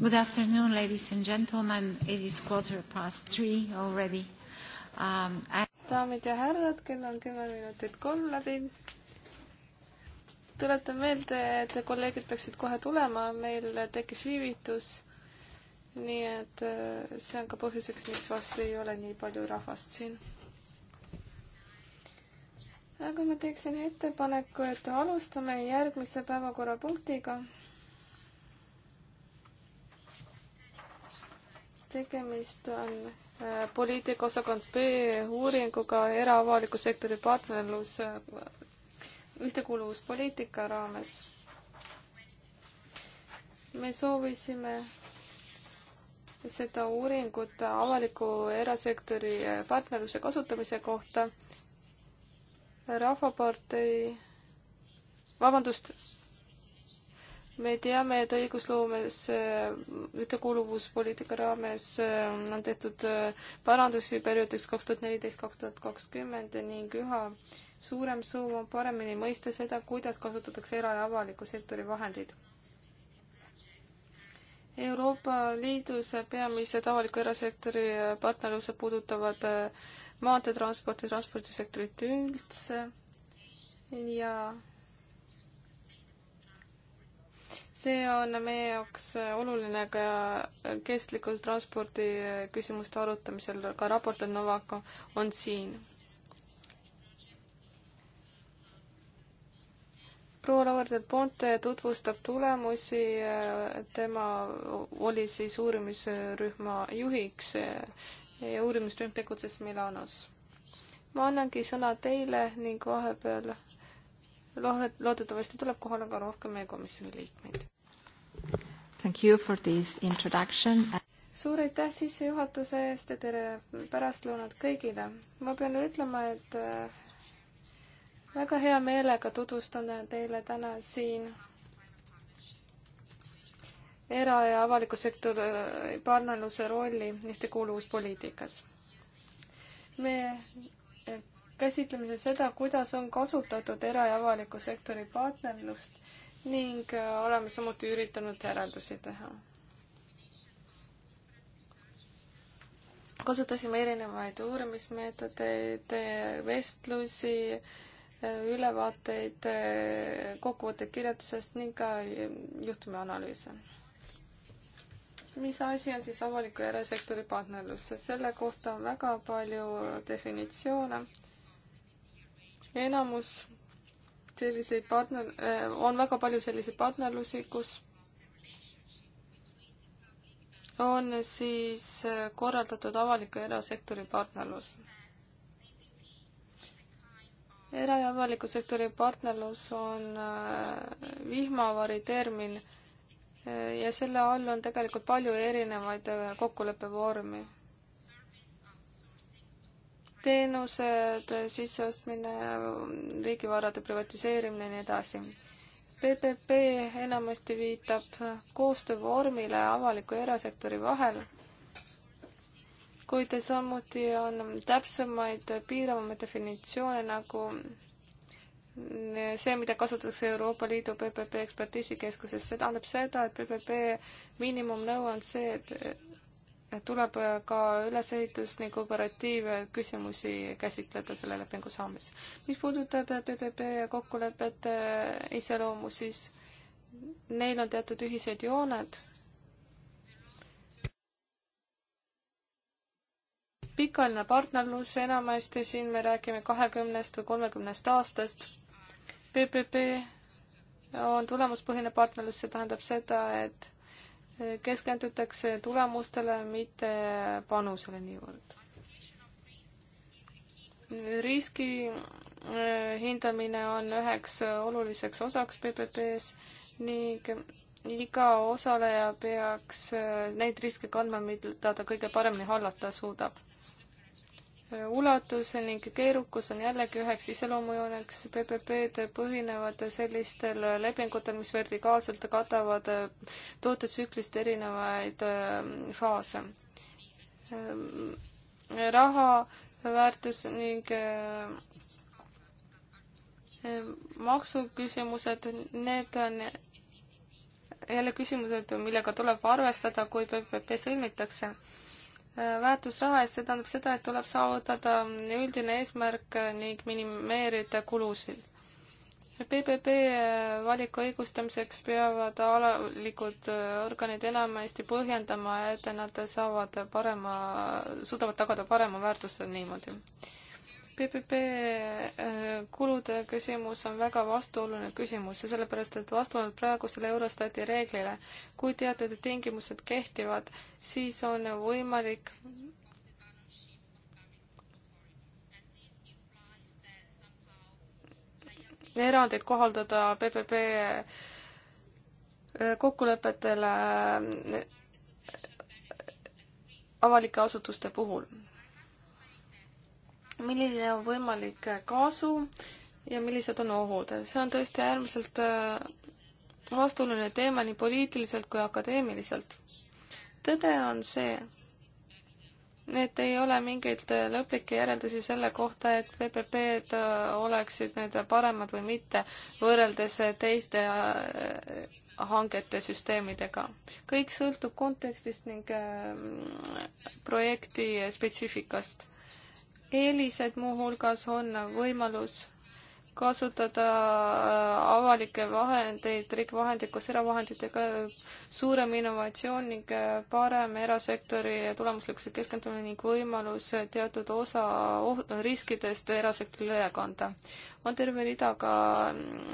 Good afternoon, ladies and gentlemen. It is quarter past three already. Um, I... daamid ja härrad, kell on kümme minutit kolm läbi. tuletan meelde, et kolleegid peaksid kohe tulema, meil tekkis viivitus. nii et äh, see on ka põhjuseks, miks vast ei ole nii palju rahvast siin. aga ma teeksin ettepaneku, et alustame järgmise päevakorrapunktiga tegemist on äh, poliitikaosakond B uuringuga eraavaliku sektori partnerlus äh, ühtekuuluvuspoliitika raames. me soovisime seda uuringut avaliku erasektori äh, partnerluse kasutamise kohta Rahvapartei, vabandust, me teame, et õigusloomes äh, ühtekuuluvuspoliitika raames äh, on tehtud äh, parandusi perioodiks kaks tuhat neliteist, kaks tuhat kakskümmend ning üha suurem soov on paremini mõista seda, kuidas kasutatakse era- ja avaliku sektori vahendeid. Euroopa Liidus peamised avaliku erasektori partnerlused puudutavad maanteetransporti, transpordisektorit üldse ja see on meie jaoks oluline ka kestliku transpordi küsimuste arutamisel, ka raportöör Novako on siin. proua Lauerdel Ponte tutvustab tulemusi, tema oli siis uurimisrühma juhiks ja uurimisrühm tegutses Milanos. ma annangi sõna teile ning vahepeal lohet-, loodetavasti tuleb kohale ka rohkem meie komisjoni liikmeid. Thank you for this introduction. suur aitäh sissejuhatuse eest ja tere pärastlõunat kõigile. ma pean ütlema, et äh, väga hea meelega tutvustan teile täna siin era- ja avaliku sektori äh, partnerluse rolli ühtekuuluvuspoliitikas. me käsitlemises seda, kuidas on kasutatud era- ja avaliku sektori partnerlust ning äh, oleme samuti üritanud järeldusi teha. kasutasime erinevaid uurimismeetodeid, vestlusi, äh, ülevaateid, äh, kokkuvõtteid kirjutusest ning ka juhtumianalüüse. mis asi on siis avaliku ja erasektori partnerlus, sest selle kohta on väga palju definitsioone enamus selliseid partner, äh, on väga palju selliseid partnerlusi, kus on siis äh, korraldatud avaliku ja erasektori partnerlus. era- ja avaliku sektori partnerlus on äh, vihmavari termin ja selle all on tegelikult palju erinevaid kokkuleppevormi teenused, sisseostmine, riigivarade privatiseerimine ja nii edasi. PPP enamasti viitab koostöövormile avaliku ja erasektori vahel, kuid samuti on täpsemaid piiravamaid definitsioone nagu see, mida kasutatakse Euroopa Liidu PPP ekspertiisikeskuses, see tähendab seda, et PPP miinimumnõue on see, et tuleb ka ülesehitus ning operatiivküsimusi käsitleda selle lepingu saamis. mis puudutab PPP kokkulepete iseloomu, siis neil on teatud ühised jooned. pikaajaline partnerlus, enamasti siin me räägime kahekümnest või kolmekümnest aastast. PPP on tulemuspõhine partnerlus, see tähendab seda, et keskendutakse tulemustele, mitte panusele niivõrd. riski eh, hindamine on üheks oluliseks osaks PPP-s ning iga osaleja peaks eh, neid riske kandma, mida ta kõige paremini hallata suudab ulatus ning keerukus on jällegi üheks iseloomujooneks. PPP-d põhinevad sellistel lepingutel, mis vertikaalselt katavad tootetsüklist erinevaid äh, faase. Äh, raha väärtus ning äh, maksuküsimused, need on jälle küsimused, millega tuleb arvestada, kui PPP sõlmitakse väärtus raha eest, see tähendab seda, et tuleb saavutada üldine eesmärk ning minimeerida kulusid. PPP valiku õigustamiseks peavad alalikud organid enamasti põhjendama, et nad saavad parema, suudavad tagada parema väärtuse niimoodi PPP äh, kulude küsimus on väga vastuoluline küsimus ja sellepärast, et vastavalt praegusele Eurostati reeglile, kui teatud tingimused kehtivad, siis on võimalik erandeid kohaldada PPP äh, kokkulepetele äh, avalike asutuste puhul milline on võimalik kasu ja millised on ohud. see on tõesti äärmiselt äh, vastuoluline teema nii poliitiliselt kui akadeemiliselt. tõde on see, et ei ole mingeid lõplikke järeldusi selle kohta, et PPP-d äh, oleksid need paremad või mitte, võrreldes teiste äh, hangete süsteemidega. kõik sõltub kontekstist ning projekti spetsiifikast eelised muuhulgas on võimalus kasutada äh, avalikke vahendeid, riigi vahendeid koos eravahenditega, suurem innovatsioon ning äh, parem erasektori tulemuslikkuse keskendumine ning võimalus teatud osa riskidest erasektorile üle kanda. on terve rida ka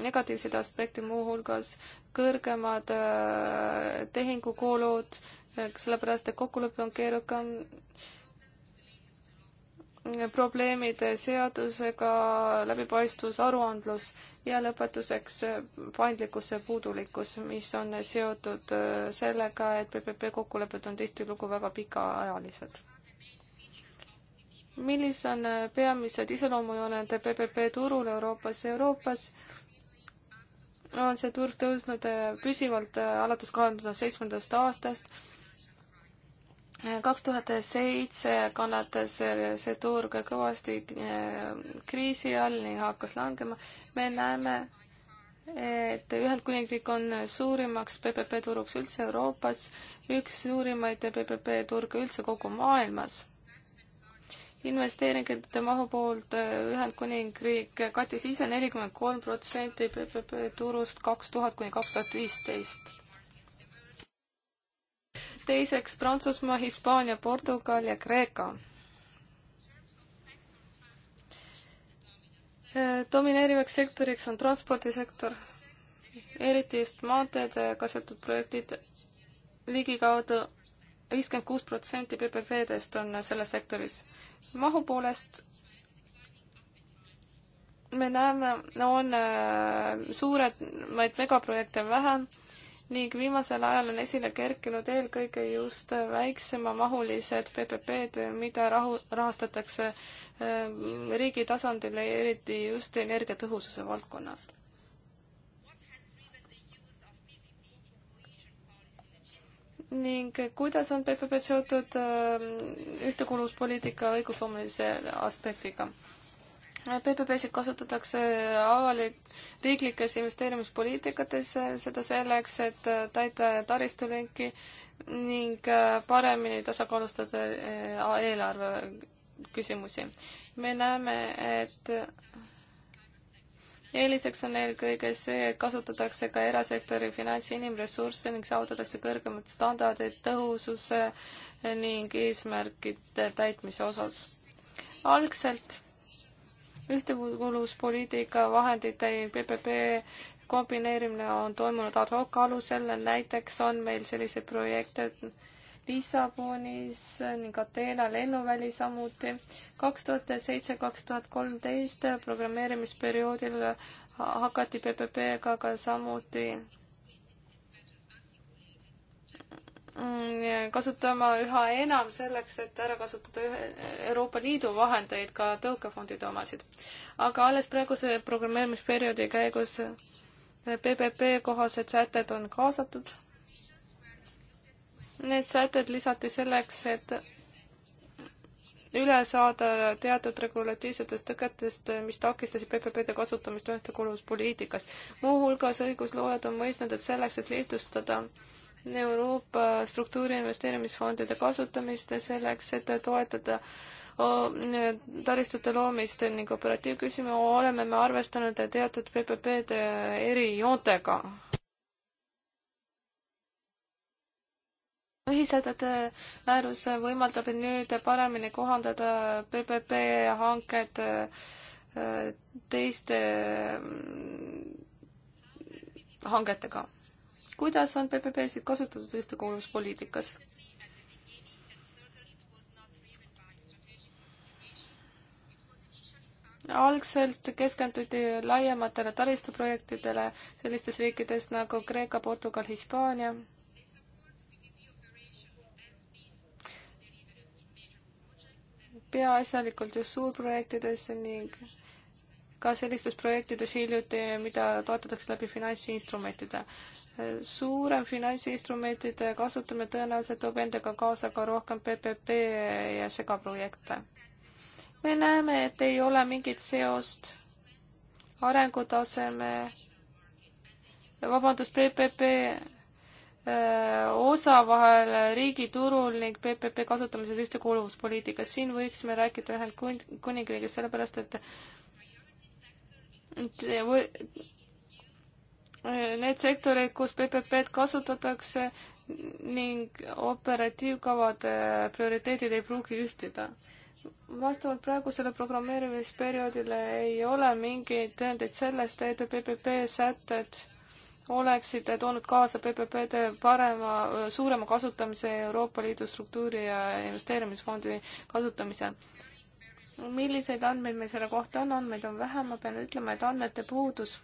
negatiivseid aspekte, muuhulgas kõrgemad äh, tehingukulud, sellepärast et kokkulepe on keerukam probleemid seadusega, läbipaistvus, aruandlus ja lõpetuseks paindlikkus ja puudulikkus, mis on seotud äh, sellega, et PPP kokkulepped on tihtilugu väga pikaajalised. millised on äh, peamised iseloomujooned PPP turul Euroopas? Euroopas on see turg tõusnud äh, püsivalt alates kahe tuhande seitsmendast aastast kaks tuhat seitse kannatas see turg kõvasti eh, kriisi all ning hakkas langema. me näeme, et Ühendkuningriik on suurimaks PPP turuks üldse Euroopas, üks suurimaid PPP turge üldse kogu maailmas. investeeringute mahu poolt eh, Ühendkuningriik kattis ise nelikümmend kolm protsenti PPP turust kaks tuhat kuni kaks tuhat viisteist teiseks Prantsusmaa, Hispaania, Portugal ja Kreeka. domineerivaks sektoriks on transpordisektor, eriti just maanteede kasutatud projektid ligikaudu viiskümmend kuus protsenti PPP-dest on selles sektoris. mahu poolest me näeme, on äh, suuremaid megaprojekte vähem ning viimasel ajal on esile kerkinud eelkõige just väiksemamahulised PPP-d, mida rahu, rahastatakse äh, riigi tasandil, eriti just energiatõhususe valdkonnas. ning kuidas on PPP seotud äh, ühtekuuluvuspoliitika õigusloomelise aspektiga? PPP-sid kasutatakse avalik, riiklikes investeerimispoliitikates, seda selleks, et täita taristulünki ning paremini tasakaalustada eh, eelarve küsimusi. me näeme, et eeliseks on eelkõige see, et kasutatakse ka erasektori finants- ja inimressursse ning saavutatakse kõrgemad standardid tõhususe ning eesmärkide täitmise osas. algselt ühtekuuluvuspoliitika vahendite ja PPP kombineerimine on toimunud ad hoc alusel, näiteks on meil selliseid projekte Lissabonis ning Ateena lennuväli samuti. kaks tuhat seitse, kaks tuhat kolmteist programmeerimisperioodil hakati PPP-ga ka samuti Mm, kasutama üha enam selleks, et ära kasutada ühe Euroopa Liidu vahendeid, ka tõukefondide omasid. aga alles praeguse programmeerimisperioodi käigus PPP kohased sätted on kaasatud. Need sätted lisati selleks, et üle saada teatud regulatiivsetest tõketest, mis takistasid PPP-de kasutamist ühtekuuluvuspoliitikas. muuhulgas õigusloojad on mõistnud, et selleks, et lihtsustada Euroopa struktuuriinvesteerimisfondide kasutamist selleks, et toetada taristute loomist ning operatiivküsimusi, oleme me arvestanud teatud PPP-de erijoontega. ühisõdade määrus võimaldab nüüd paremini kohandada PPP hanked e, teiste mm, hangetega kuidas on PPP-sid kasutatud ühtekuuluvuspoliitikas? algselt keskenduti laiematele taristuprojektidele sellistes riikides nagu Kreeka, Portugal, Hispaania. peaasjalikult just suurprojektides ning ka sellistes projektides hiljuti, mida toetatakse läbi finantsinstrumentide suurem finantsinstrumentide kasutamine tõenäoliselt toob endaga kaasa ka rohkem PPP ja segaprojekte. me näeme, et ei ole mingit seost arengutaseme, vabandust, PPP äh, osa vahel riigiturul ning PPP kasutamises ühtekuuluvuspoliitikas. siin võiksime rääkida Ühendkuningriigist, sellepärast et need sektorid, kus PPP-d kasutatakse ning operatiivkavade äh, prioriteedid ei pruugi ühtida. vastavalt praegusele programmeerimisperioodile ei ole mingeid tõendeid sellest, et PPP sätted oleksid toonud kaasa PPP-de parema, äh, suurema kasutamise Euroopa Liidu struktuuri ja investeerimisfondi kasutamisel milliseid andmeid meil selle kohta on, andmeid on vähe, ma pean ütlema, et andmete puudus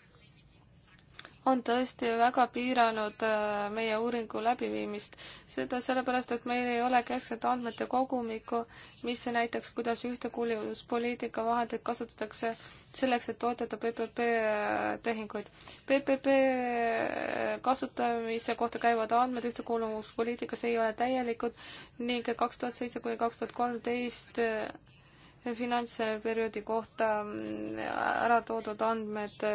on tõesti väga piiranud äh, meie uuringu läbiviimist. seda sellepärast, et meil ei ole keskset andmete kogumikku, mis näitaks, kuidas ühtekuuluvuspoliitika vahendeid kasutatakse selleks, et toetada PPP äh, tehinguid. PPP äh, kasutamise kohta käivad andmed ühtekuuluvuspoliitikas ei ole täielikud ning kaks tuhat seitse kuni kaks tuhat kolmteist finantsperioodi kohta mm, ära toodud andmed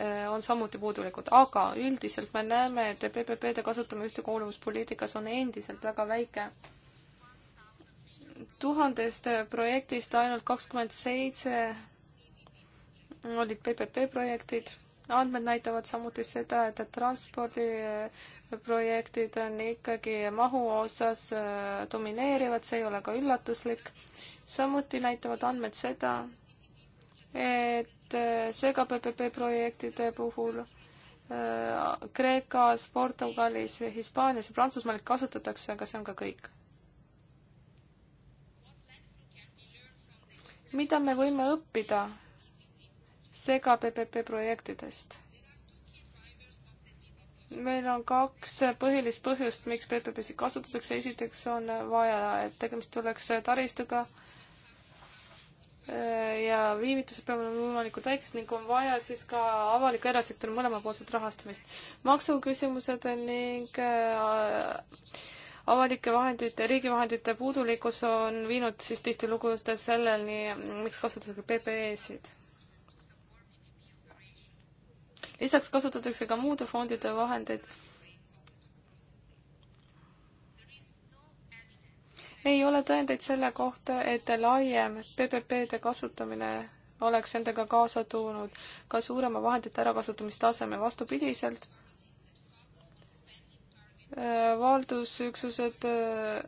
Äh, on samuti puudulikud, aga üldiselt me näeme, et PPP-de kasutamine ühtekuuluvuspoliitikas on endiselt väga väike. tuhandest projektist ainult kakskümmend seitse olid PPP projektid. andmed näitavad samuti seda, et transpordiprojektid äh, on ikkagi mahu osas äh, domineerivad, see ei ole ka üllatuslik. samuti näitavad andmed seda, et Äh, seega PPP projektide puhul äh, Kreekas, Portugalis, Hispaanias ja Prantsusmaal kasutatakse, aga see on ka kõik. mida me võime õppida sega PPP projektidest? meil on kaks põhilist põhjust, miks PPP-sid kasutatakse, esiteks on vaja, et tegemist oleks taristuga äh,, ja viivitused peavad olema võimalikult väiksed ning on vaja siis ka avaliku erasektori mõlemapoolset rahastamist. maksuküsimused ning äh, avalike vahendite, riigivahendite puudulikkus on viinud siis tihtilugu just selleni, miks kasutatakse PPE-sid. lisaks kasutatakse ka muude fondide vahendeid ei ole tõendeid selle kohta, et laiem PPP-de kasutamine oleks endaga kaasa toonud ka suurema vahendite ärakasutamistaseme, vastupidiselt äh, valdusüksused äh,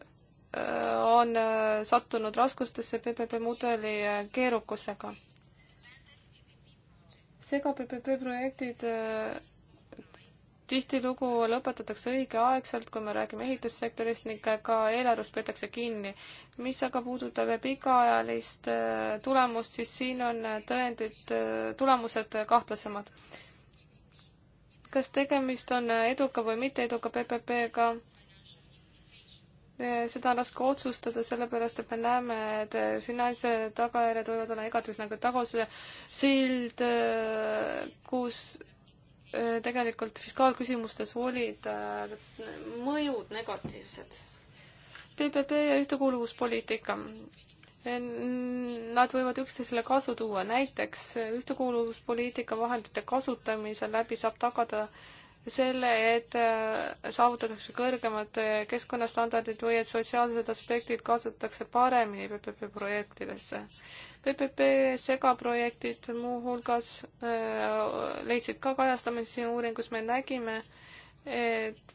on äh, sattunud raskustesse PPP mudeli keerukusega. seega PPP projektid tihtilugu lõpetatakse õigeaegselt, kui me räägime ehitussektorist ning ka eelarvest peetakse kinni. mis aga puudutab pikaajalist äh, tulemust, siis siin on tõendid, äh, tulemused kahtlasemad. kas tegemist on eduka või mitteeduka PPP-ga? Äh, seda on raske otsustada, sellepärast et me näeme, et finantstagajärjed võivad olla igatahes nagu tagasisild, kus tegelikult fiskaalküsimustes olid äh, mõjud negatiivsed. PPP ja ühtekuuluvuspoliitika. Nad võivad üksteisele kasu tuua, näiteks ühtekuuluvuspoliitika vahendite kasutamise läbi saab tagada selle, et äh, saavutatakse kõrgemad äh, keskkonnastandardid või et sotsiaalsed aspektid kasutatakse paremini PPP projektidesse. PPP segaprojektid muuhulgas äh, leidsid ka kajastamist siin uuringus, me nägime, et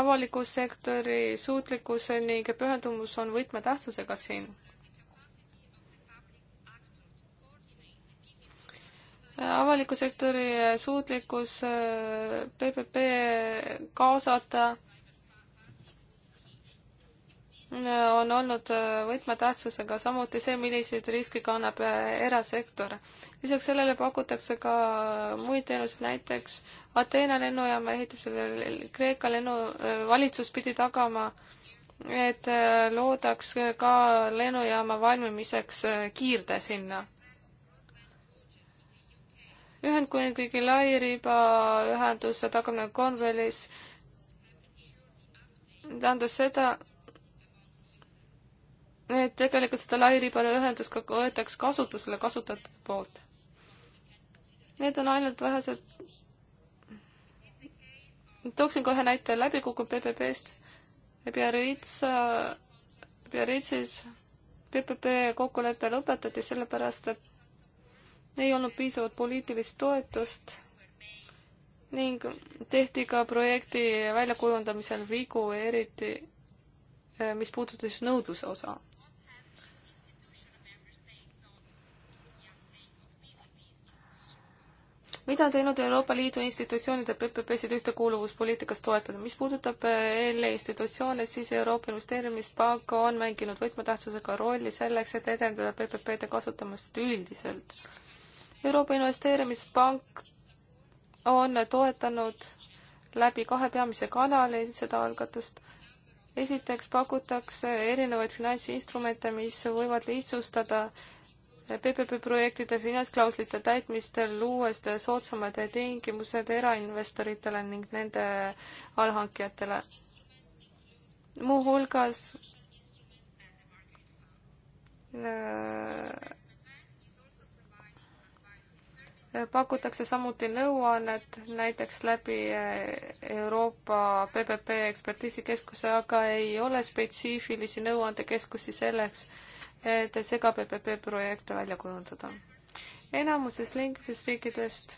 avaliku sektori suutlikkus ning pühendumus on võtmetähtsusega siin avaliku sektori suutlikkus PPP äh, kaasata on olnud äh, võtmetähtsusega, samuti see, milliseid riske kannab äh, erasektor. lisaks sellele pakutakse ka äh, muid teenuseid, näiteks Ateena lennujaama ehitamisel Kreeka lennu, valitsus pidi tagama, et loodaks ka lennujaama valmimiseks kiirde sinna Ühendkuningriigi lairibaühenduse tagamine Cornwallis tähendas seda, et tegelikult seda lairibaühendust ka võetaks kasutusele kasutajate poolt. Need on ainult vähesed. tooksin kohe näite läbi kukkunud PPP-st. Biarritsa, Biarritzis PPP kokkulepe lõpetati sellepärast, et ei olnud piisavat poliitilist toetust ning tehti ka projekti väljakujundamisel vigu, eriti eh, mis puudutas nõudluse osa mida on teinud Euroopa Liidu institutsioonide PPP-sid ühtekuuluvuspoliitikas toetada? mis puudutab EL-i eh, e institutsioone, siis Euroopa Investeerimispank on mänginud võtmetähtsusega rolli selleks, et edendada PPP-de kasutamist üldiselt. Euroopa Investeerimispank on toetanud läbi kahe peamise kanali seda algatust. esiteks pakutakse erinevaid finantsinstrumente, mis võivad lihtsustada PPP projektide finantsklauslite täitmistel luues soodsamad tingimused erainvestoritele ning nende allhankijatele. muuhulgas äh, pakutakse samuti nõuannet näiteks läbi äh, Euroopa PPP ekspertiisikeskuse, aga ei ole spetsiifilisi nõuandekeskusi selleks, et sega PPP projekte välja kujundada. enamuses liikmesriikidest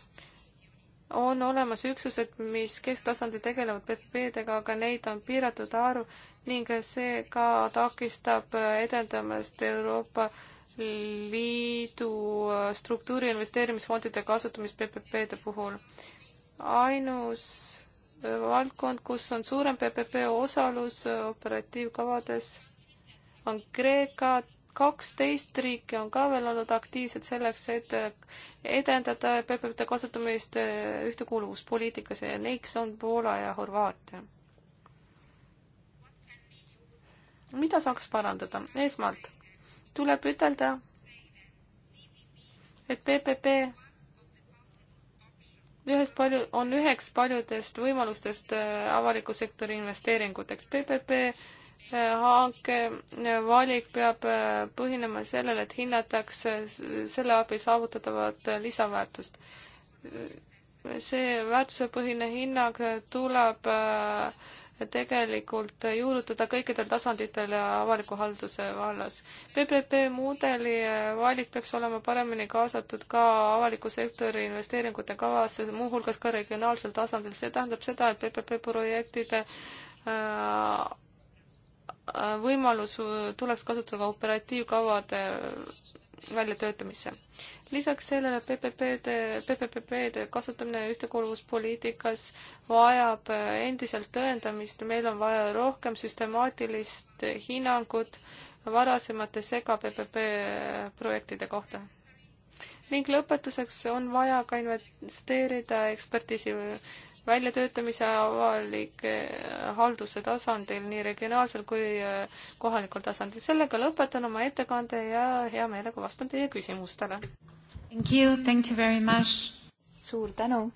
on olemas üksused, mis kesktasandil tegelevad PPP-dega, aga neid on piiratud arv ning see ka takistab edendamast Euroopa Liidu struktuuri investeerimisfondide kasutamist PPP-de puhul. ainus valdkond, kus on suurem PPP osalus operatiivkavades, on Kreeka, kaksteist riiki on ka veel olnud aktiivsed selleks, et edendada PPP-de kasutamist eh, ühtekuuluvuspoliitikas ja neiks on Poola ja Horvaatia. mida saaks parandada? esmalt tuleb ütelda, et PPP ühest palju, on üheks paljudest võimalustest eh, avaliku sektori investeeringuteks. PPP hanke valik peab äh, põhinema sellele, et hinnatakse selle abil saavutatavat lisaväärtust. see väärtusepõhine hinnang tuleb äh, tegelikult juurutada kõikidel tasanditel avaliku halduse vallas. PPP mudeli äh, valik peaks olema paremini kaasatud ka avaliku sektori investeeringute kavasse, muuhulgas ka regionaalsel tasandil. see tähendab seda, et PPP projektide äh, võimalus tuleks kasutada ka operatiivkavade väljatöötamisse. lisaks sellele PPP-de, PPPP-de kasutamine ühtekuuluvuspoliitikas vajab endiselt tõendamist, meil on vaja rohkem süstemaatilist hinnangut varasemate sega PPP projektide kohta. ning lõpetuseks on vaja ka investeerida ekspertiisi väljatöötamise avalik eh, halduse tasandil, nii regionaalsel kui eh, kohalikul tasandil. sellega lõpetan oma ettekande ja hea meelega vastan teie küsimustele. Thank you, thank you very much. suur tänu.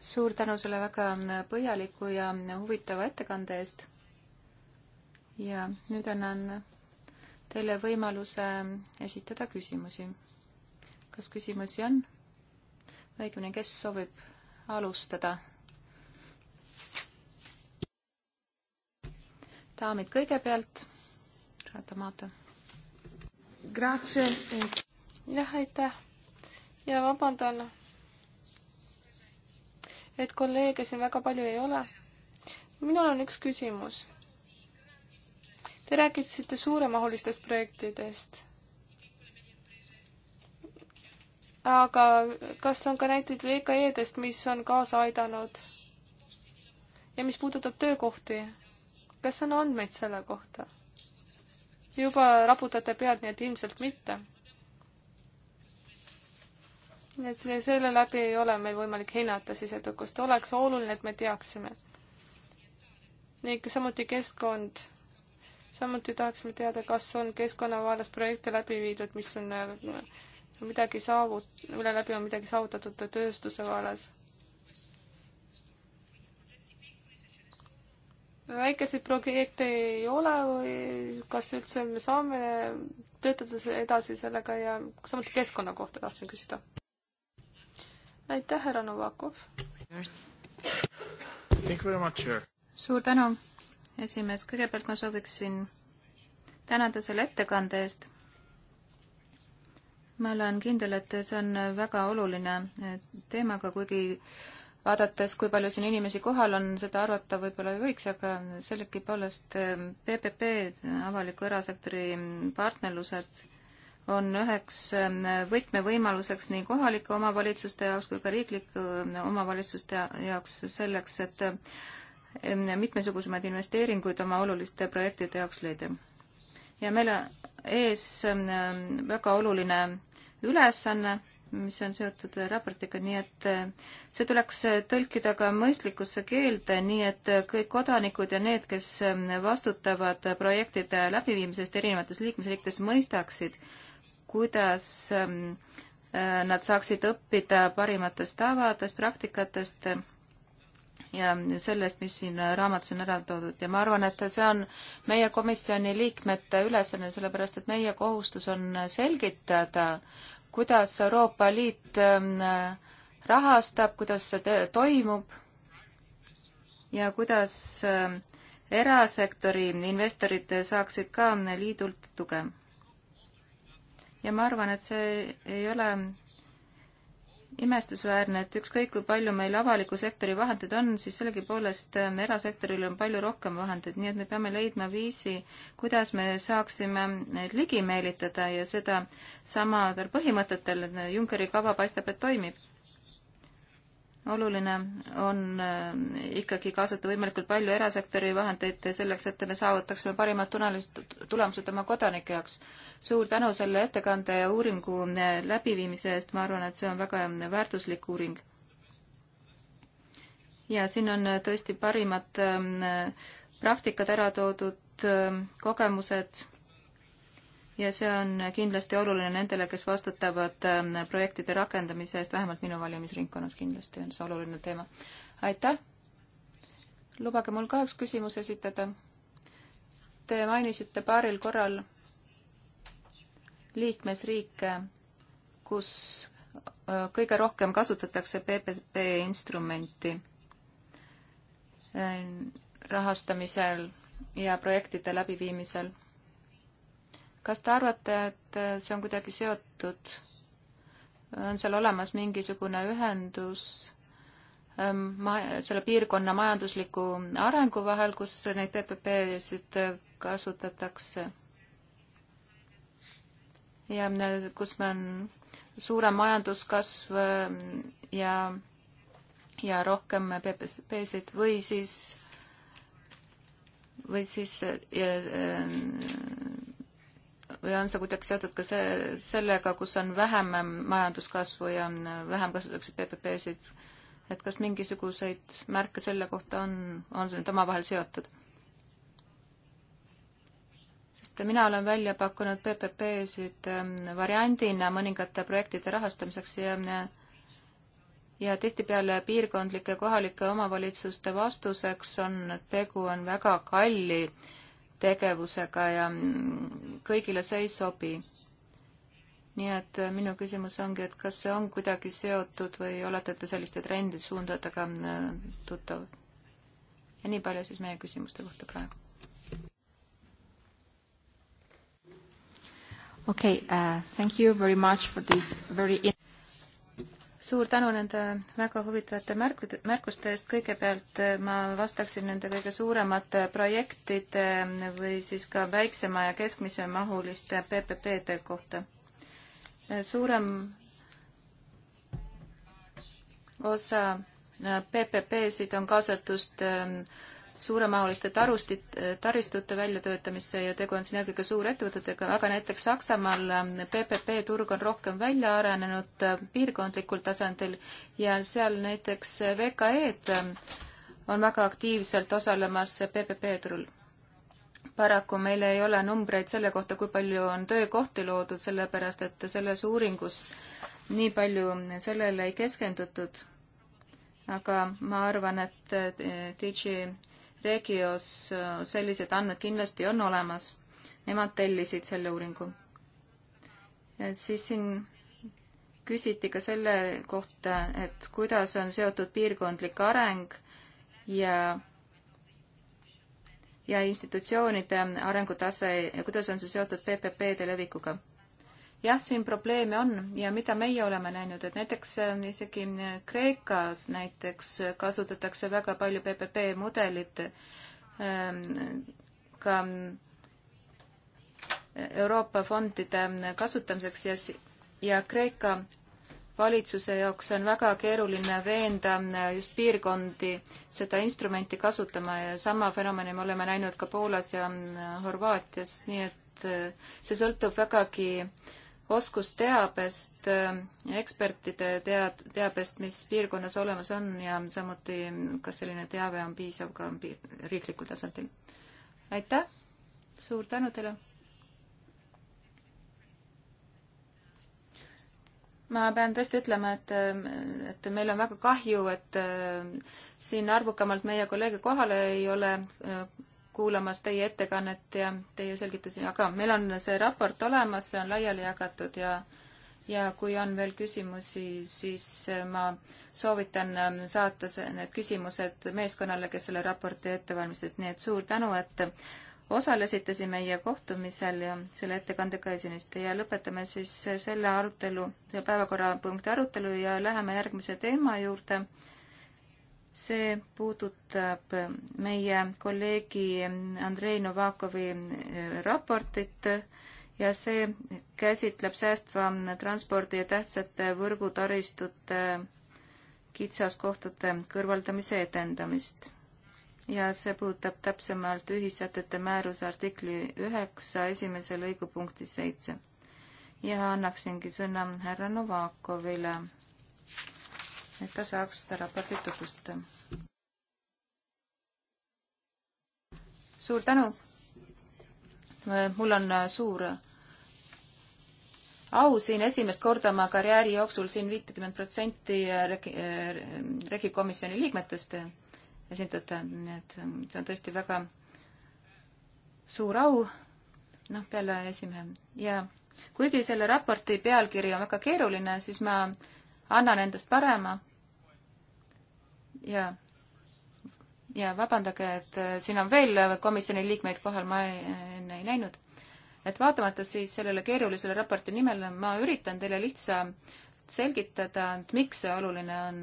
suur tänu selle väga mm, põhjaliku ja huvitava ettekande eest. ja nüüd annan teile võimaluse mm, esitada küsimusi. kas küsimusi on? õigemini, kes soovib alustada. daamid kõigepealt. jah, aitäh ja vabandan, et kolleege siin väga palju ei ole. minul on üks küsimus Te rääkisite suuremahulistest projektidest. aga kas on ka näiteid VKE-dest, mis on kaasa aidanud? ja mis puudutab töökohti, kas on andmeid selle kohta? juba raputate pead, nii et ilmselt mitte. nii et selle läbi ei ole meil võimalik hinnata siis edukust, oleks oluline, et me teaksime. ning samuti keskkond. samuti tahaksime teada, kas on keskkonnavaalast projekte läbi viidud, mis on midagi saavut-, mille läbi on midagi saavutatud tööstuse vallas. väikeseid projekte ei ole või kas üldse me saame töötada edasi sellega ja samuti keskkonna kohta tahtsin küsida. aitäh, härra Novakov! suur tänu, esimees, kõigepealt ma sooviksin tänada selle ettekande eest ma olen kindel, et see on väga oluline teema, aga kuigi vaadates, kui palju siin inimesi kohal on, seda arvata võib-olla ei võiks, aga sellegipoolest PPP, ehm, avaliku erasektori partnerlused, on üheks ehm, võtmevõimaluseks nii kohalike omavalitsuste jaoks kui ka riiklike ehm, omavalitsuste jaoks selleks, et mitmesugusemaid investeeringuid oma oluliste projektide jaoks leida. ja meil ees väga oluline ülesanne, mis on seotud raportiga, nii et eh, see tuleks eh, tõlkida ka mõistlikusse keelde, nii et eh, kõik kodanikud ja need, kes vastutavad projektide läbiviimisest erinevates liikmesriikides, mõistaksid, kuidas nad saaksid õppida parimatest tavadest, praktikatest ja sellest, mis siin raamatus on ära toodud ja ma arvan, et see on meie komisjoni liikmete ülesanne, sellepärast et meie kohustus on selgitada, kuidas Euroopa Liit ähm, rahastab, kuidas see toimub ja kuidas ähm, erasektori investorid saaksid ka liidult tuge. ja ma arvan, et see ei ole imestusväärne, et ükskõik, kui palju meil avaliku sektori vahendeid on, siis sellegipoolest ähm, erasektoril on palju rohkem vahendeid, nii et me peame leidma viisi, kuidas me saaksime neid ligi meelitada ja seda samadel põhimõtetel, Junckeri kava paistab, et toimib. oluline on ähm, ikkagi kaasata võimalikult palju erasektori vahendeid selleks, et me saavutaksime parimad tulemused oma kodanike jaoks suur tänu selle ettekande ja uuringu äh, läbiviimise eest, ma arvan, et see on väga äh, väärtuslik uuring. ja siin on äh, tõesti parimad ähm, praktikad ära toodud, ähm, kogemused ja see on kindlasti oluline nendele, kes vastutavad ähm, projektide rakendamise eest, vähemalt minu valimisringkonnas kindlasti on see oluline teema. aitäh! lubage mul ka üks küsimus esitada. Te mainisite paaril korral liikmesriike, kus kõige rohkem kasutatakse PPP instrumenti rahastamisel ja projektide läbiviimisel. kas te arvate, et see on kuidagi seotud, on seal olemas mingisugune ühendus ma-, selle piirkonna majandusliku arengu vahel, kus neid PPP-sid kasutatakse? ja kus me on suurem majanduskasv ja, ja rohkem PPP-sid või siis, või siis ja, või on see kuidagi seotud ka see, sellega, kus on vähem majanduskasvu ja vähem kasutatakse PPP-sid, et kas mingisuguseid märke selle kohta on, on see nüüd omavahel seotud? sest mina olen välja pakkunud PPP-sid ähm, variandina mõningate projektide rahastamiseks ja ja tihtipeale piirkondlike kohalike omavalitsuste vastuseks on, et tegu on väga kalli tegevusega ja mm, kõigile see ei sobi. nii et äh, minu küsimus ongi, et kas see on kuidagi seotud või olete te selliste trendide suundadega äh, tuttav? ja nii palju siis meie küsimuste kohta praegu okei okay, uh,, thank you very much for this very suur tänu nende väga huvitavate märkud, märkuste eest. kõigepealt äh, ma vastaksin nende kõige suuremate projektide äh, või siis ka väiksema ja keskmise mahuliste PPP-de kohta. Äh, suurem osa PPP-sid on kaasatust ähm, suuremahuliste tarustit, taristute väljatöötamisse ja tegu on siin eelkõige suurettevõtetega, aga näiteks Saksamaal PPP turg on rohkem välja arenenud piirkondlikul tasandil ja seal näiteks VKE-d on väga aktiivselt osalemas PPP turul. paraku meil ei ole numbreid selle kohta, kui palju on töökohti loodud, sellepärast et selles uuringus nii palju sellele ei keskendutud. aga ma arvan, et DG Regios äh, sellised andmed kindlasti on olemas. Nemad tellisid selle uuringu. siis siin küsiti ka selle kohta, et kuidas on seotud piirkondlik areng ja ja institutsioonide arengutase ja kuidas on see seotud PPP-de levikuga jah, siin probleeme on ja mida meie oleme näinud, et näiteks äh, isegi äh, Kreekas näiteks kasutatakse väga palju PPP mudelit ähm, ka äh, Euroopa fondide kasutamiseks ja, ja Kreeka valitsuse jaoks on väga keeruline veenda just piirkondi seda instrumenti kasutama ja sama fenomeni me oleme näinud ka Poolas ja Horvaatias, nii et see sõltub vägagi äh, oskusteabest, äh, ekspertide tead-, teabest, mis piirkonnas olemas on ja samuti, kas selline teave on piisav ka riiklikul tasandil. aitäh, suur tänu teile! ma pean tõesti ütlema, et, et meil on väga kahju, et äh, siin arvukamalt meie kolleege kohal ei ole äh, kuulamas teie ettekannet ja teie selgitusi, aga meil on see raport olemas, see on laiali jagatud ja ja kui on veel küsimusi, siis eh, ma soovitan eh, saata need küsimused meeskonnale, kes selle raporti ette valmistas, nii et suur tänu, et osalesite siin meie kohtumisel ja selle ettekandega esinesite ja lõpetame siis selle arutelu, päevakorrapunkti arutelu ja läheme järgmise teema juurde see puudutab meie kolleegi Andrei Novakovi äh, raportit ja see käsitleb säästva transpordi ja tähtsate võrgutaristute kitsaskohtade kõrvaldamise edendamist. ja see puudutab täpsemalt ühissätete määruse artikli üheksa esimese lõigu punkti seitse. ja annaksingi sõna härra Novakovile et ta saaks seda raportit tutvustada. suur tänu! mul on äh, suur äh, au siin esimest korda oma karjääri jooksul siin viitekümmet protsenti äh, regi-, regikomisjoni liikmetest esindada, nii et see on tõesti väga suur au, noh, peale esimehe ja kuigi selle raporti pealkiri on väga keeruline, siis ma annan endast parema ja, ja vabandage, et äh, siin on veel äh, komisjoni liikmeid kohal, ma äh, enne ei näinud. et vaatamata siis sellele keerulisele raporti nimele, ma üritan teile lihtsalt selgitada, et miks see oluline on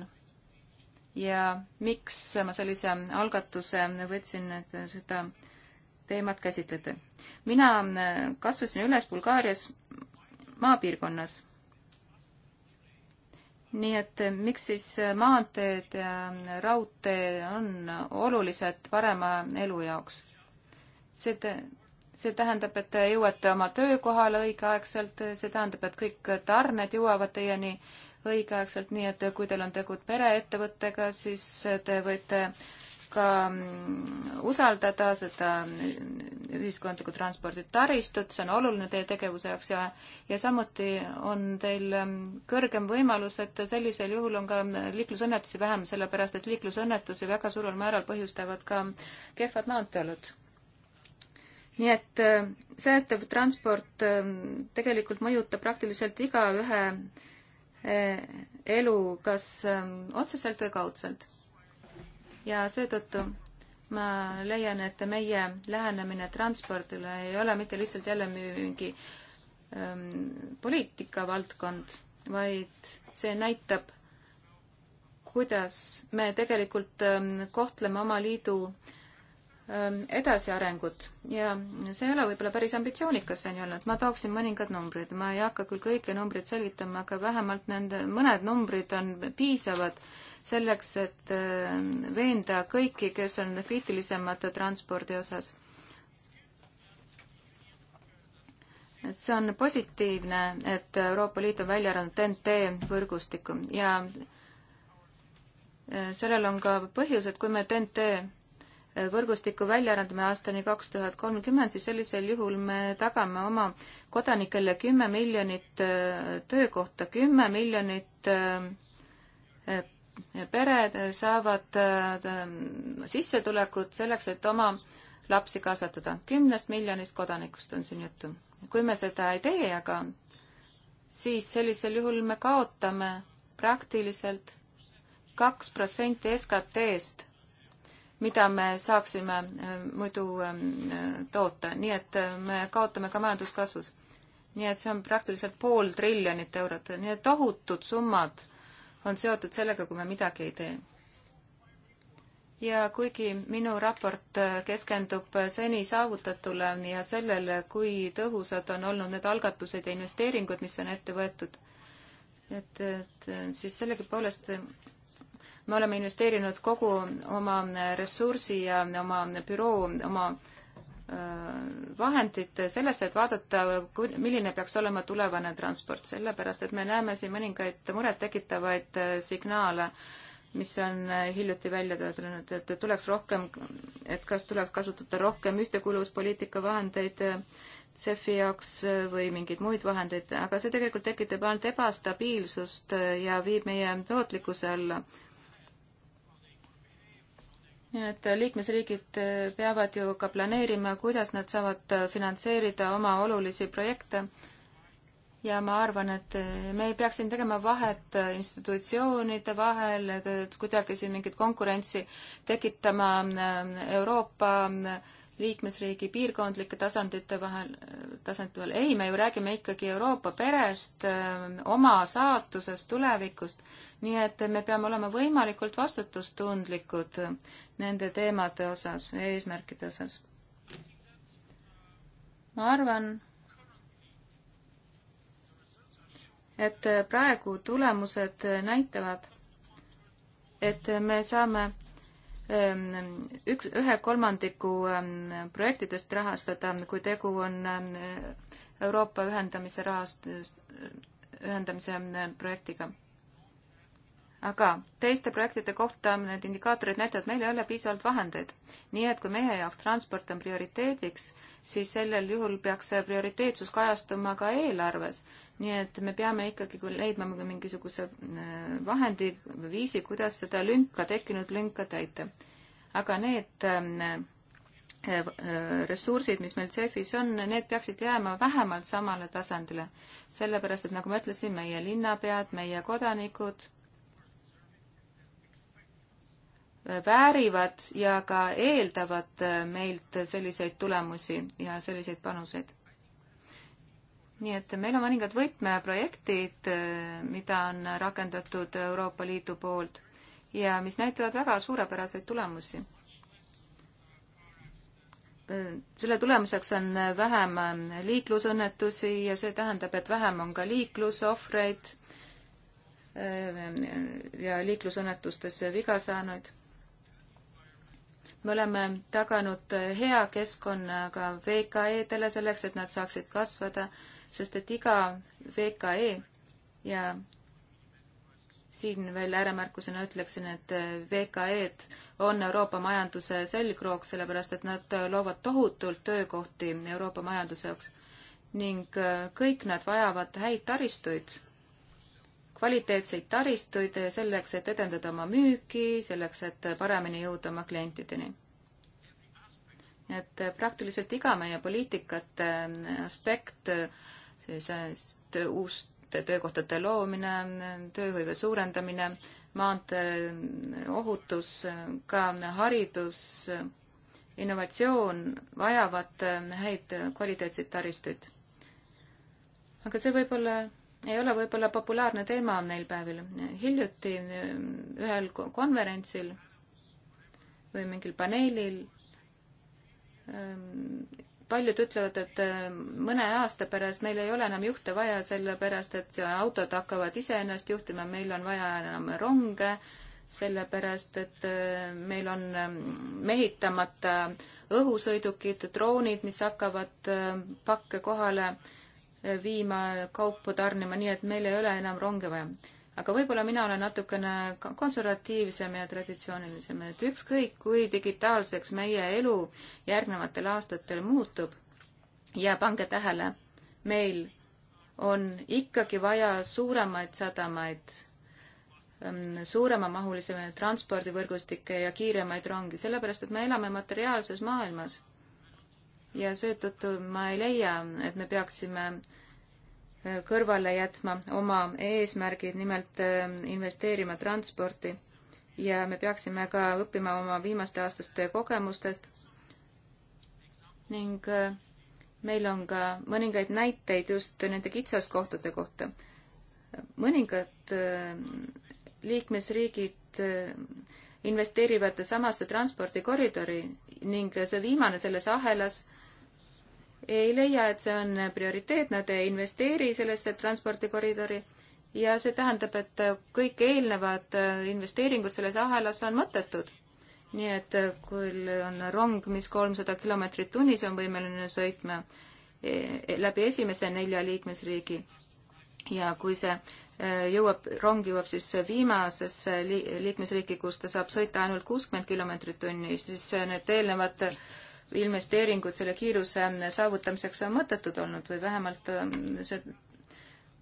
ja miks ma sellise algatuse võtsin, et seda teemat käsitleda. mina kasvasin üles Bulgaarias maapiirkonnas nii et eh, miks siis eh, maanteed ja eh, raudtee on olulised parema elu jaoks? see, see tähendab, et te jõuate oma töökohale õigeaegselt, see tähendab, et kõik tarned jõuavad teieni õigeaegselt, nii et kui teil on tegu pereettevõttega, siis te võite ka mm, usaldada seda mm, ühiskondlikku transporditaristut, see on oluline teie tegevuse jaoks ja, ja samuti on teil mm, kõrgem võimalus, et sellisel juhul on ka liiklusõnnetusi vähem, sellepärast et liiklusõnnetusi väga suurel määral põhjustavad ka kehvad maanteeolud. nii et säästev transport tegelikult mõjutab praktiliselt igaühe eh, elu kas otseselt või kaudselt ja seetõttu ma leian, et meie lähenemine transpordile ei ole mitte lihtsalt jälle mingi ähm, poliitikavaldkond, vaid see näitab, kuidas me tegelikult ähm, kohtleme oma liidu ähm, edasiarengut ja see ei ole võib-olla päris ambitsioonikas seni olnud. ma tooksin mõningad numbrid, ma ei hakka küll kõiki numbreid selgitama, aga vähemalt nende, mõned numbrid on piisavad äh, selleks, et äh, veenda kõiki, kes on kriitilisemad transpordi osas. et see on positiivne, et Euroopa Liit on välja arvanud TNT võrgustiku ja äh, sellel on ka põhjus, et kui me TNT äh, võrgustiku välja arendame aastani kaks tuhat kolmkümmend, siis sellisel juhul me tagame oma kodanikele kümme miljonit töökohta, kümme miljonit pered saavad äh, sissetulekut selleks, et oma lapsi kasvatada. kümnest miljonist kodanikust on siin juttu. kui me seda ei tee aga, siis sellisel juhul me kaotame praktiliselt kaks protsenti SKT-st, mida me saaksime äh, muidu ähm, toota, nii et äh, me kaotame ka majanduskasvus. nii et see on praktiliselt pool triljonit eurot, nii et tohutud summad on seotud sellega, kui me midagi ei tee. ja kuigi minu raport äh, keskendub äh, seni saavutatule ja sellele, kui tõhusad on olnud need algatused ja investeeringud, mis on ette võetud, et, et äh, siis sellegipoolest me oleme investeerinud kogu oma ressursi ja oma büroo, oma äh, vahendid sellesse, et vaadata, milline peaks olema tulevane transport, sellepärast et me näeme siin mõningaid murettekitavaid äh, signaale, mis on äh, hiljuti välja tulnud, et tuleks rohkem, et kas tuleks kasutada rohkem ühtekuuluvuspoliitika vahendeid äh, CEF-i jaoks või mingeid muid vahendeid, aga see tegelikult tekitab ainult ebastabiilsust ja viib meie tootlikkuse alla et liikmesriigid peavad ju ka planeerima, kuidas nad saavad finantseerida oma olulisi projekte ja ma arvan, et me ei peaks siin tegema vahet institutsioonide vahel, et, et kuidagi siin mingit konkurentsi tekitama ähm, Euroopa ähm, liikmesriigi piirkondlike tasandite vahel, tasandite vahel. ei, me ju räägime ikkagi Euroopa perest, ähm, oma saatusest, tulevikust nii et me peame olema võimalikult vastutustundlikud nende teemade osas, eesmärkide osas. ma arvan, et praegu tulemused näitavad, et me saame ähm, üks, ühe kolmandiku ähm, projektidest rahastada, kui tegu on ähm, Euroopa ühendamise rahast, ühendamise projektiga aga teiste projektide kohta need indikaatorid näitavad, meil ei ole piisavalt vahendeid. nii et kui meie jaoks transport on prioriteediks, siis sellel juhul peaks see prioriteetsus kajastuma ka eelarves. nii et me peame ikkagi leidma mingisuguse äh, vahendi või viisi, kuidas seda lünka, tekkinud lünka täita. aga need ähm, äh, äh, ressursid, mis meil CEF-is on, need peaksid jääma vähemalt samale tasandile. sellepärast, et nagu ma ütlesin, meie linnapead, meie kodanikud väärivad ja ka eeldavad meilt selliseid tulemusi ja selliseid panuseid. nii et meil on mõningad võtmeprojektid, mida on rakendatud Euroopa Liidu poolt ja mis näitavad väga suurepäraseid tulemusi. selle tulemuseks on vähem liiklusõnnetusi ja see tähendab, et vähem on ka liiklusohvreid ja liiklusõnnetustes viga saanuid me oleme taganud hea keskkonnaga VKE-dele selleks, et nad saaksid kasvada, sest et iga VKE ja siin veel ääremärkusena ütleksin, et VKE-d on Euroopa majanduse selgrooks, sellepärast et nad loovad tohutult töökohti Euroopa majanduse jaoks ning kõik nad vajavad häid taristuid kvaliteetseid taristuid selleks, et edendada oma müüki, selleks, et paremini jõuda oma klientideni. et praktiliselt iga meie poliitikate aspekt, siis eh, uus töökohtade loomine, tööhõive suurendamine, maantee eh, ohutus, ka haridus, innovatsioon vajavad eh, häid kvaliteetseid taristuid. aga see võib olla ei ole võib-olla populaarne teema neil päevil. hiljuti ähm, ühel konverentsil või mingil paneelil ähm, paljud ütlevad, et ähm, mõne aasta pärast meil ei ole enam juhte vaja, sellepärast et autod hakkavad iseennast juhtima, meil on vaja enam ronge, sellepärast et äh, meil on mehitamata õhusõidukid, droonid, mis hakkavad äh, pakke kohale äh, viima kaupu tarnima, nii et meil ei ole enam ronge vaja. aga võib-olla mina olen natukene konservatiivsem ja traditsioonilisem, et ükskõik, kui digitaalseks meie elu järgnevatel aastatel muutub, ja pange tähele, meil on ikkagi vaja suuremaid sadamaid, ähm, suuremamahulisi transpordivõrgustikke ja kiiremaid rongi, sellepärast et me elame materiaalses maailmas ja seetõttu ma ei leia, et me peaksime äh, kõrvale jätma oma eesmärgid, nimelt äh, investeerima transporti ja me peaksime ka õppima oma viimaste aastaste kogemustest ning äh, meil on ka mõningaid näiteid just nende kitsaskohtade kohta. mõningad liikmesriigid investeerivad samasse transpordikoridori ning see viimane selles ahelas ei leia, et see on prioriteet, nad ei investeeri sellesse transpordikoridori ja see tähendab, et kõik eelnevad investeeringud selles ahelas on mõttetud. nii et kui on rong, mis kolmsada kilomeetrit tunnis on võimeline sõitma e, e, läbi esimese nelja liikmesriigi ja kui see e, jõuab, rong jõuab siis viimasesse liikmesriiki, kus ta saab sõita ainult kuuskümmend kilomeetrit tunnis, siis need eelnevad investeeringud selle kiiruse saavutamiseks on mõttetud olnud või vähemalt ähm, see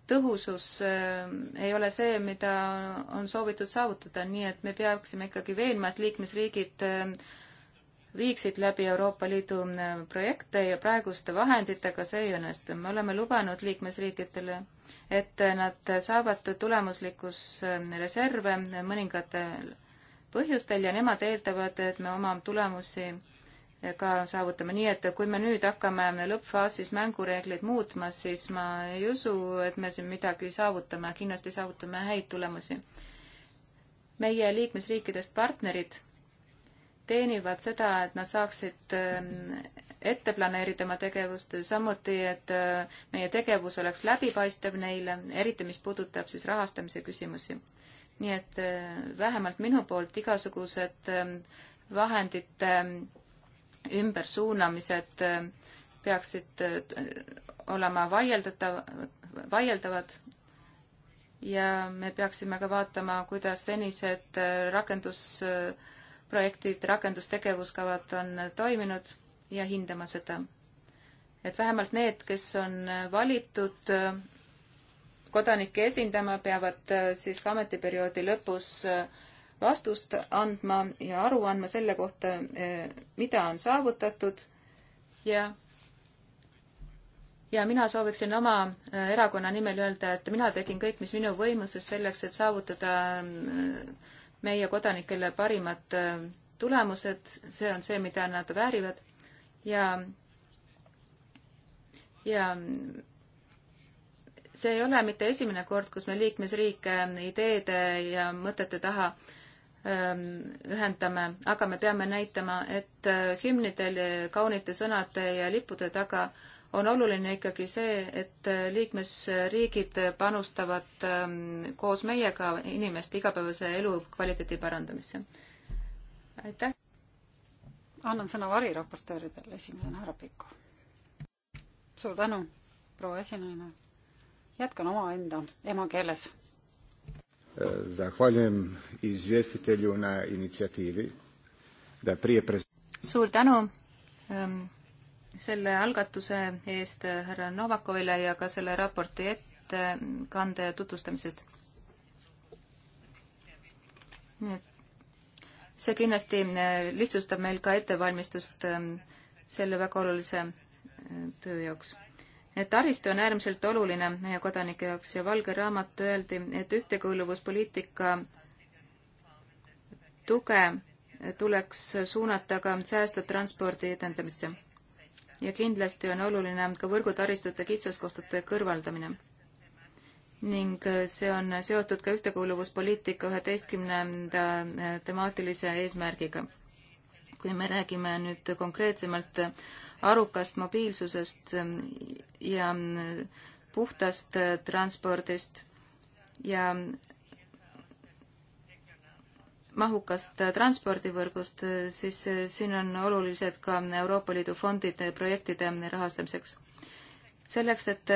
tõhusus äh, ei ole see, mida on soovitud saavutada, nii et me peaksime ikkagi veenma, et liikmesriigid ähm, viiksid läbi Euroopa Liidu äh, projekte ja praeguste vahenditega see ei õnnestu. me oleme lubanud liikmesriikidele, et nad saavad tulemuslikkusreserve ähm, mõningatel põhjustel ja nemad eeldavad, et me oma tulemusi ka saavutama, nii et kui me nüüd hakkame lõppfaasis mängureegleid muutma, siis ma ei usu, et me siin midagi saavutame, kindlasti saavutame häid tulemusi. meie liikmesriikidest partnerid teenivad seda, et nad saaksid ähm, ette planeerida oma tegevust, samuti, et äh, meie tegevus oleks läbipaistev neile, eriti mis puudutab siis rahastamise küsimusi. nii et äh, vähemalt minu poolt igasugused ähm, vahendite ähm, ümbersuunamised äh, peaksid äh, olema vaieldatav, vaieldavad ja me peaksime ka vaatama, kuidas senised äh, rakendusprojektid, rakendustegevuskavad on toiminud ja hindama seda. et vähemalt need, kes on valitud kodanikke esindama, peavad siis ka ametiperioodi lõpus vastust andma ja aru andma selle kohta, eh, mida on saavutatud ja ja mina sooviksin oma eh, erakonna nimel öelda, et mina tegin kõik, mis minu võimuses selleks, et saavutada mm, meie kodanikele parimad eh, tulemused, see on see, mida nad väärivad ja, ja see ei ole mitte esimene kord, kus me liikmesriike ideede ja mõtete taha äh, Ähm, ühendame, aga me peame näitama, et äh, hümnidel, kaunite sõnade ja lippude taga on oluline ikkagi see, et äh, liikmesriigid panustavad ähm, koos meiega inimeste igapäevase elu kvaliteedi parandamisse. aitäh! annan sõna variraportööridele, esimesena härra Pikko. suur tänu, proua esinaine. jätkan omaenda emakeeles Zahvaljujem izvjestitelju na inicijativi da prije pres-. suur tänu ehm, selle algatuse eest härra Novakovile ja ka selle raporti ettekande tutvustamisest. nii et see kindlasti eh, lihtsustab meil ka ettevalmistust ehm, selle väga olulise eh, töö jaoks et taristu on äärmiselt oluline meie kodanike jaoks ja Valge Raamat öeldi, et ühtekuuluvuspoliitika tuge tuleks suunata ka säästva transpordi edendamisse. ja kindlasti on oluline ka võrgutaristute kitsaskohtade kõrvaldamine. ning see on seotud ka ühtekuuluvuspoliitika üheteistkümnenda temaatilise eesmärgiga kui me räägime nüüd konkreetsemalt arukast mobiilsusest ja puhtast transpordist ja mahukast transpordivõrgust, siis siin on olulised ka Euroopa Liidu fondide projektide rahastamiseks. selleks, et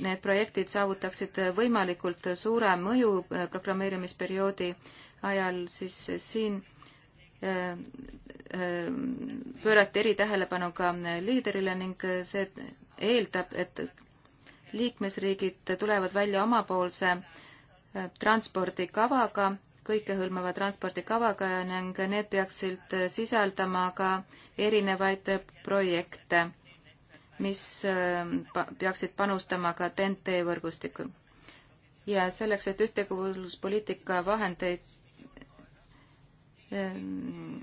need projektid saavutaksid võimalikult suure mõju programmeerimisperioodi ajal, siis siin pöörati eritähelepanu ka liiderile ning see eeldab, et liikmesriigid tulevad välja omapoolse äh, transpordikavaga, kõikehõlmava transpordikavaga ning need peaksid sisaldama ka erinevaid projekte, mis äh, peaksid panustama ka TNT võrgustikku. ja selleks, et ühtekuuluvuspoliitika vahendeid Ehm,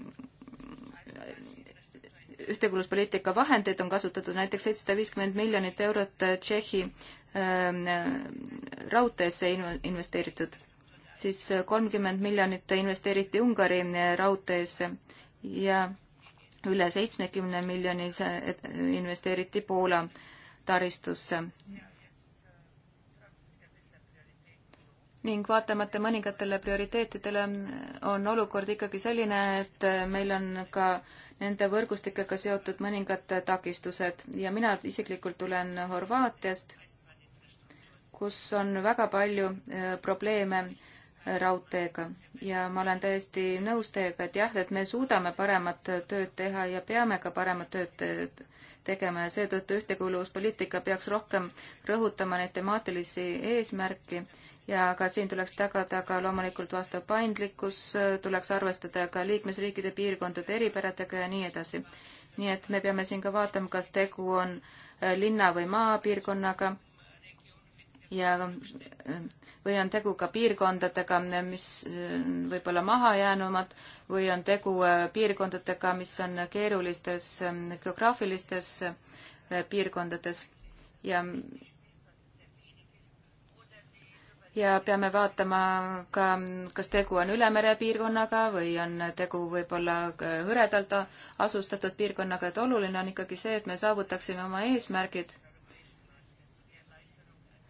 ühtekuuluvuspoliitika vahendeid on kasutatud näiteks seitsesada viiskümmend miljonit eurot Tšehhi ehm, raudteesse investeeritud, siis kolmkümmend miljonit investeeriti Ungari raudteesse ja üle seitsmekümne miljonise investeeriti Poola taristusse ning vaatamata mõningatele prioriteetidele on olukord ikkagi selline, et meil on ka nende võrgustikega seotud mõningad takistused ja mina isiklikult tulen Horvaatiast, kus on väga palju äh, probleeme äh, raudteega ja ma olen täiesti nõus teiega, et jah, et me suudame paremat tööd teha ja peame ka paremat tööd tegema ja seetõttu ühtekuuluvuspoliitika peaks rohkem rõhutama neid temaatilisi eesmärki ja ka siin tuleks tagada ka loomulikult vastav paindlikkus, tuleks arvestada ka liikmesriikide piirkondade eripäradega ja nii edasi. nii et me peame siin ka vaatama, kas tegu on äh, linna või maapiirkonnaga ja äh, või on tegu ka piirkondadega, mis äh, võib-olla mahajäänumad või on tegu piirkondadega, mis on keerulistes geograafilistes piirkondades ja ja peame vaatama ka, kas tegu on ülemere piirkonnaga või on tegu võib-olla hõredalt asustatud piirkonnaga, et oluline on ikkagi see, et me saavutaksime oma eesmärgid.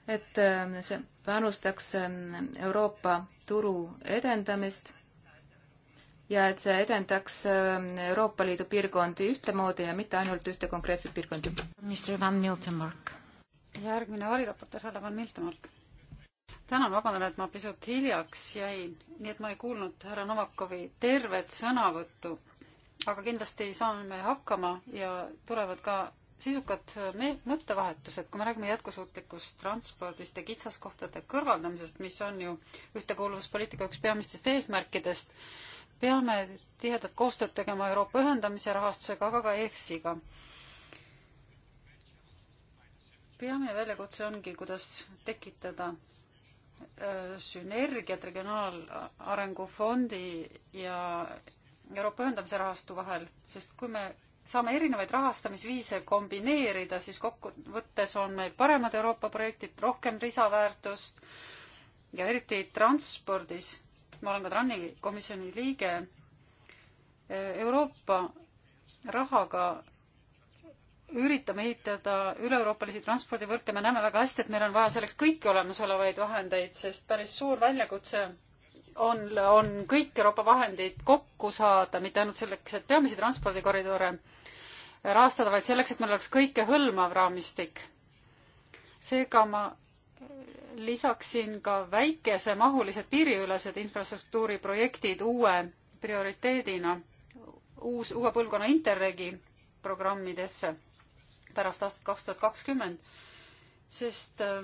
et äh, see panustaks ähm, Euroopa turu edendamist ja et see edendaks ähm, Euroopa Liidu piirkondi ühtemoodi ja mitte ainult ühte konkreetset piirkondi. järgmine variraportöör härra Van Miltenmark tänan, vabandan, et ma pisut hiljaks jäin, nii et ma ei kuulnud härra Novakovi tervet sõnavõttu. aga kindlasti saame hakkama ja tulevad ka sisukad mõttevahetused, kui me räägime jätkusuutlikust transpordist ja kitsaskohtade kõrvaldamisest, mis on ju ühtekuuluvuspoliitika üks peamistest eesmärkidest, peame tihedat koostööd tegema Euroopa ühendamise rahastusega, aga ka EFSiga. peamine väljakutse ongi, kuidas tekitada Äh, sünergiat Regionaalarengu Fondi ja Euroopa Ühendamise Rahastu vahel, sest kui me saame erinevaid rahastamisviise kombineerida, siis kokkuvõttes on meil paremad Euroopa projektid, rohkem lisaväärtust ja eriti transpordis, ma olen ka TRAN-i komisjoni liige, äh, Euroopa rahaga üritame ehitada üle-euroopalisi transpordivõrke, me näeme väga hästi, et meil on vaja selleks kõiki olemasolevaid vahendeid, sest päris suur väljakutse on, on kõik Euroopa vahendid kokku saada, mitte ainult selleks, et peamisi transpordikoridore rahastada, vaid selleks, et meil oleks kõikehõlmav raamistik. seega ma lisaksin ka väikesemahulised piiriülesed infrastruktuuriprojektid uue prioriteedina uus, uue põlvkonna Interregi programmidesse pärast aastat kaks tuhat kakskümmend, sest äh,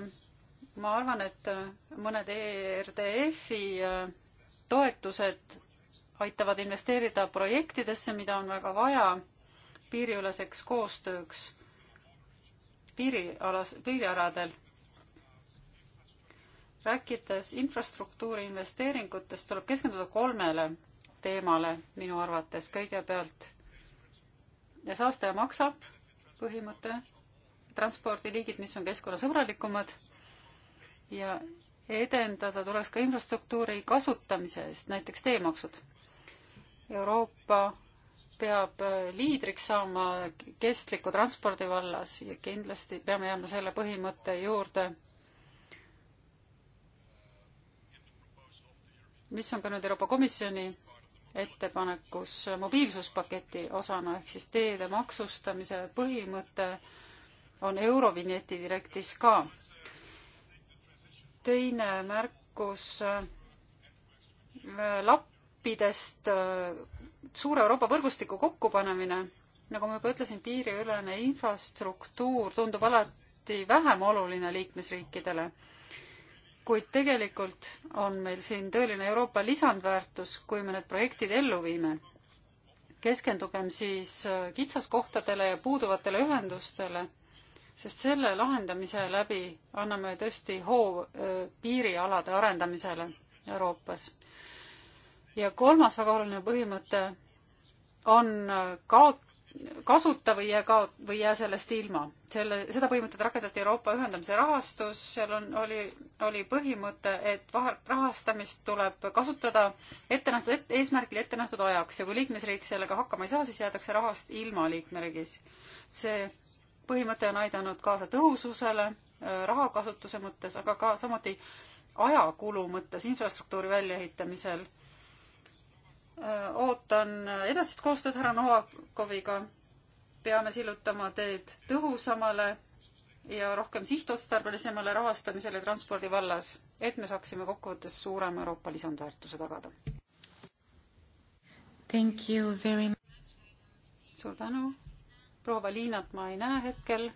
ma arvan, et äh, mõned ERDF-i äh, toetused aitavad investeerida projektidesse, mida on väga vaja piiriüleseks koostööks piirialas, piirialadel. rääkides infrastruktuuri investeeringutest, tuleb keskenduda kolmele teemale minu arvates kõigepealt. saastaja maksab põhimõte, transpordiliigid, mis on keskkonnasõbralikumad ja edendada tuleks ka infrastruktuuri kasutamise eest, näiteks teemaksud. Euroopa peab äh, liidriks saama kestliku transpordi vallas ja kindlasti peame jääma selle põhimõtte juurde, mis on ka nüüd Euroopa Komisjoni ettepanekus mobiilsuspaketi osana ehk siis teede maksustamise põhimõte on Eurovinjeti direktis ka. teine märkus äh, lappidest äh, suure Euroopa võrgustiku kokkupanemine, nagu ma juba ütlesin, piiriülene infrastruktuur tundub alati vähem oluline liikmesriikidele kuid tegelikult on meil siin tõeline Euroopa lisandväärtus, kui me need projektid ellu viime. keskendugem siis äh, kitsaskohtadele ja puuduvatele ühendustele, sest selle lahendamise läbi anname tõesti hoo äh, piirialade arendamisele Euroopas. ja kolmas väga oluline põhimõte on äh, kaot-, kasuta või jää kao-, või jää sellest ilma. selle, seda põhimõtet rakendati Euroopa ühendamise rahastus, seal on, oli, oli põhimõte, et vahe, rahastamist tuleb kasutada ette nähtud et,, eesmärgil ette nähtud ajaks ja kui liikmesriik sellega hakkama ei saa, siis jäädakse rahast ilma liikmeriigis. see põhimõte on aidanud kaasa tõhususele äh, rahakasutuse mõttes, aga ka samuti ajakulu mõttes infrastruktuuri väljaehitamisel Äh, ootan edasist koostööd härra Novakoviga. peame sillutama teed tõhusamale ja rohkem sihtotstarbelisele rahastamisele transpordi vallas, et me saaksime kokkuvõttes suurema Euroopa lisandväärtuse tagada. Thank you very much. suur tänu. proua Liinat ma ei näe hetkel.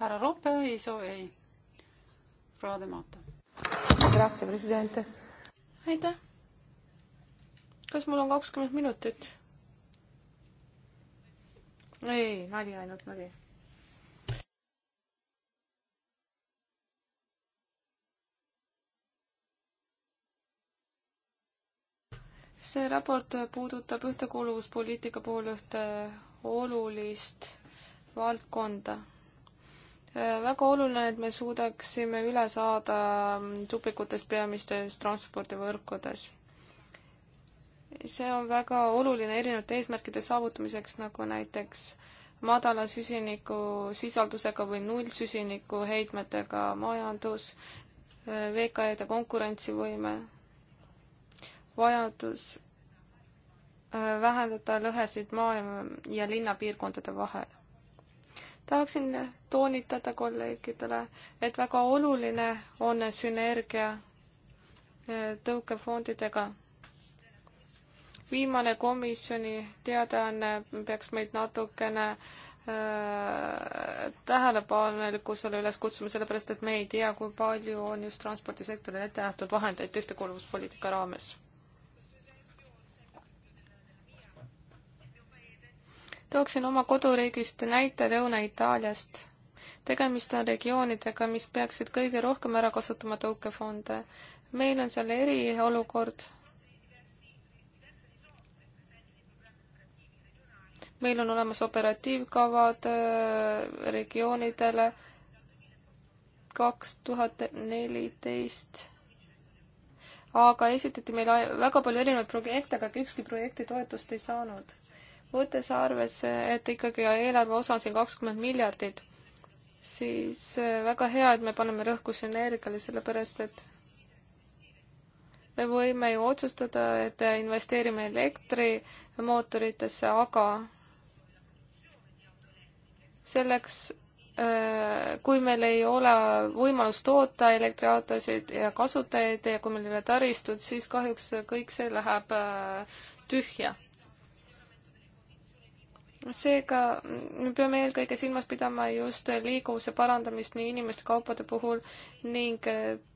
härra Rope ei soovi, ei. proua Demata aitäh. kas mul on kakskümmend minutit? ei, nali ainult, nali see raport puudutab ühtekuuluvuspoliitika puhul ühte olulist valdkonda väga oluline, et me suudaksime üle saada tupikutest peamistes transpordivõrkudes. see on väga oluline erinevate eesmärkide saavutamiseks, nagu näiteks madala süsiniku sisaldusega või nullsüsiniku heitmetega majandus, VKE-de konkurentsivõime, vajadus äh, vähendada lõhesid maa- ja linnapiirkondade vahel tahaksin toonitada kolleegidele, et väga oluline on sünergia eh, tõukefondidega. viimane komisjoni teadaanne peaks meid natukene eh, tähelepanelikkusele üles kutsuma, sellepärast et me ei tea, kui palju on just transpordisektorile ette nähtud vahendeid ühtekuuluvuspoliitika raames tooksin oma koduriigist näite Lõuna-Itaaliast. tegemist on regioonidega, mis peaksid kõige rohkem ära kasutama tõukefonde. meil on seal eriolukord. meil on olemas operatiivkavad äh, regioonidele kaks tuhat neliteist aga esitati meile väga palju erinevaid projekte, aga ükski projekti toetust ei saanud võttes arvesse, et ikkagi eelarve osa on siin kakskümmend miljardit, siis äh, väga hea, et me paneme rõhku sünergiale, sellepärast et me võime ju otsustada, et investeerime elektrimootoritesse, aga selleks, äh, kui meil ei ole võimalust toota elektriautosid ja kasutajaid ja kui meil ei ole taristut, siis kahjuks kõik see läheb äh, tühja seega me peame eelkõige silmas pidama just liikuvuse parandamist nii inimeste kaupade puhul ning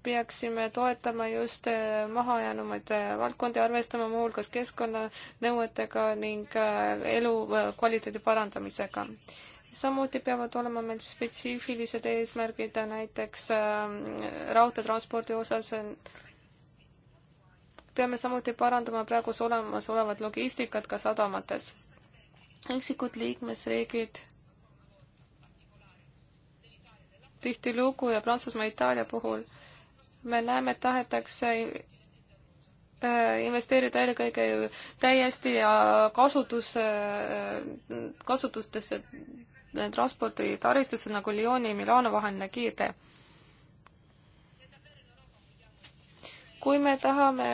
peaksime toetama just mahajäänumaid valdkondi, arvestama muuhulgas keskkonnanõuetega ning elukvaliteedi parandamisega. samuti peavad olema meil spetsiifilised eesmärgid näiteks äh, raudteetranspordi osas peame samuti parandama praeguse olemasolevat logistikat ka sadamates üksikud liikmesriigid tihtilugu ja Prantsusmaa, Itaalia puhul me näeme, et tahetakse äh, investeerida eelkõige täiesti ja kasutusse, äh, kasutustesse äh, transporditaristusse nagu Lyoni ja Milano vaheline kiirtee. kui me tahame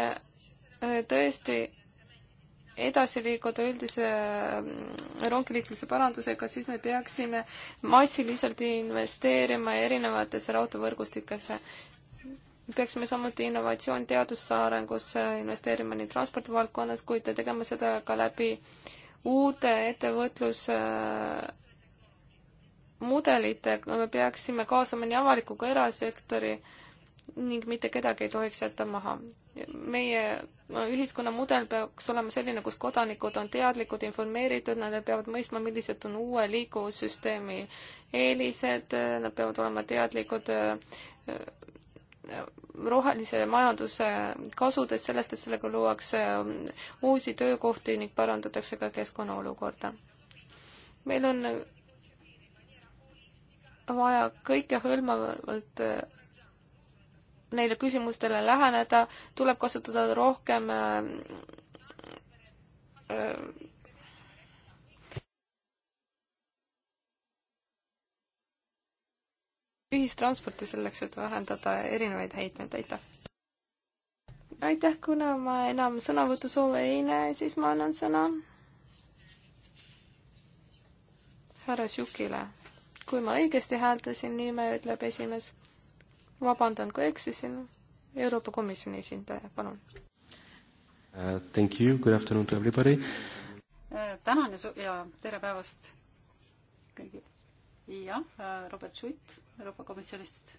tõesti edasi liikuda üldise mm, rongiliikluse parandusega, siis me peaksime massiliselt investeerima erinevatesse raudteevõrgustikesse. peaksime samuti innovatsioon teadusse arengusse investeerima nii transpordivaldkonnas, kuid te tegema seda ka läbi uute ettevõtlus äh, mudelite, me peaksime kaasama nii avaliku kui erasektori äh, ning mitte kedagi ei tohiks jätta maha. meie ühiskonna mudel peaks olema selline, kus kodanikud on teadlikud, informeeritud, nad peavad mõistma, millised on uue liikuvussüsteemi eelised, nad peavad olema teadlikud äh, äh, rohelise majanduse kasudest, sellest, et sellega luuakse äh, uusi töökohti ning parandatakse ka keskkonna olukorda. meil on vaja kõikehõlmavalt neile küsimustele läheneda, tuleb kasutada rohkem äh, äh, ühistransporti selleks, et vähendada erinevaid heitmeid, aitäh! aitäh, kuna ma enam sõnavõtusoove ei näe, siis ma annan sõna härra Sjukile. kui ma õigesti hääldasin nime, ütleb esimees vabandan, kui eksisin. Euroopa Komisjoni esindaja, palun uh,. Thank you, good afternoon to everybody uh,. tänan ja, ja tere päevast kõigile. jah uh,, Robert Schutt Euroopa Komisjonist,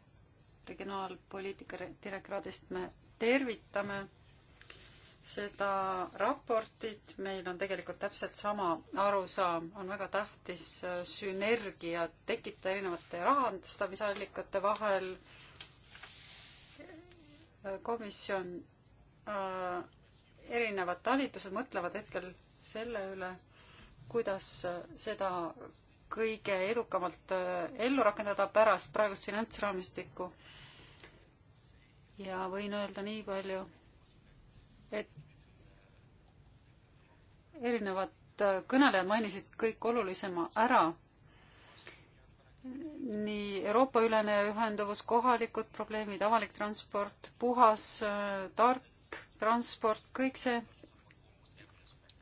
regionaalpoliitika direktoraadist me tervitame seda raportit, meil on tegelikult täpselt sama arusaam, on väga tähtis uh, sünergia tekitada erinevate rahastamisallikate vahel, komisjon äh,, erinevad talitused mõtlevad hetkel selle üle, kuidas seda kõige edukamalt äh, ellu rakendada pärast praegust finantsraamistikku. ja võin öelda nii palju, et erinevad äh, kõnelejad mainisid kõik olulisema ära nii Euroopa-ülene ühenduvus, kohalikud probleemid, avalik transport, puhas, tark transport, kõik see,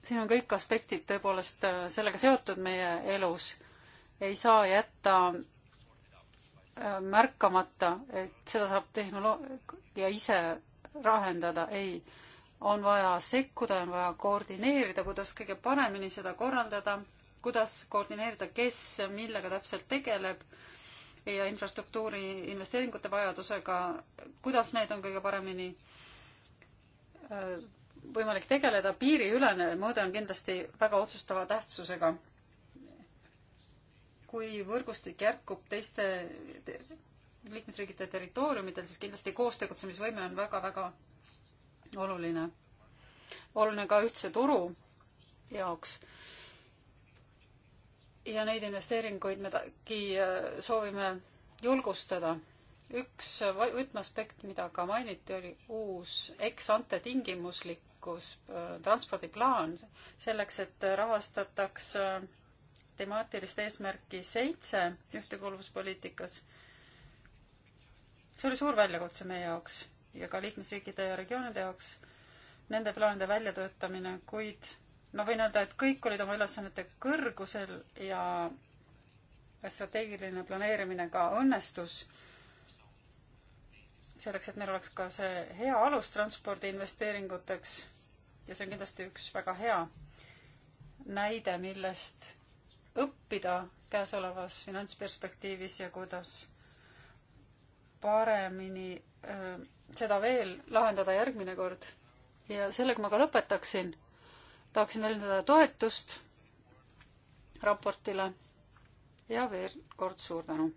siin on kõik aspektid tõepoolest äh, sellega seotud meie elus. ei saa jätta äh, märkamata, et seda saab tehnoloogia ise lahendada, ei. on vaja sekkuda, on vaja koordineerida, kuidas kõige paremini seda korraldada kuidas koordineerida, kes millega täpselt tegeleb ja infrastruktuuri investeeringute vajadusega, kuidas need on kõige paremini äh, võimalik tegeleda, piiriülene mõõde on kindlasti väga otsustava tähtsusega. kui võrgustik jätkub teiste te, liikmesriikide territooriumidel, siis kindlasti koostegutsemisvõime on väga-väga oluline. oluline ka ühtse turu jaoks ja neid investeeringuid medagi äh, soovime julgustada. üks äh, võtmeaspekt, mida ka mainiti, oli uus ex-ante tingimuslikkus äh, transpordiplaan selleks, et rahastataks temaatilist eesmärki seitse ühtekuuluvuspoliitikas. see oli suur väljakutse meie jaoks ja ka liikmesriikide ja regioonide jaoks, nende plaanide väljatöötamine, kuid ma võin öelda, et kõik olid oma ülesannete kõrgusel ja strateegiline planeerimine ka õnnestus. selleks, et meil oleks ka see hea alus transpordi investeeringuteks ja see on kindlasti üks väga hea näide, millest õppida käesolevas finantsperspektiivis ja kuidas paremini öö, äh, seda veel lahendada järgmine kord. ja sellega ma ka lõpetaksin tahaksin väljendada toetust raportile ja veel kord suur tänu.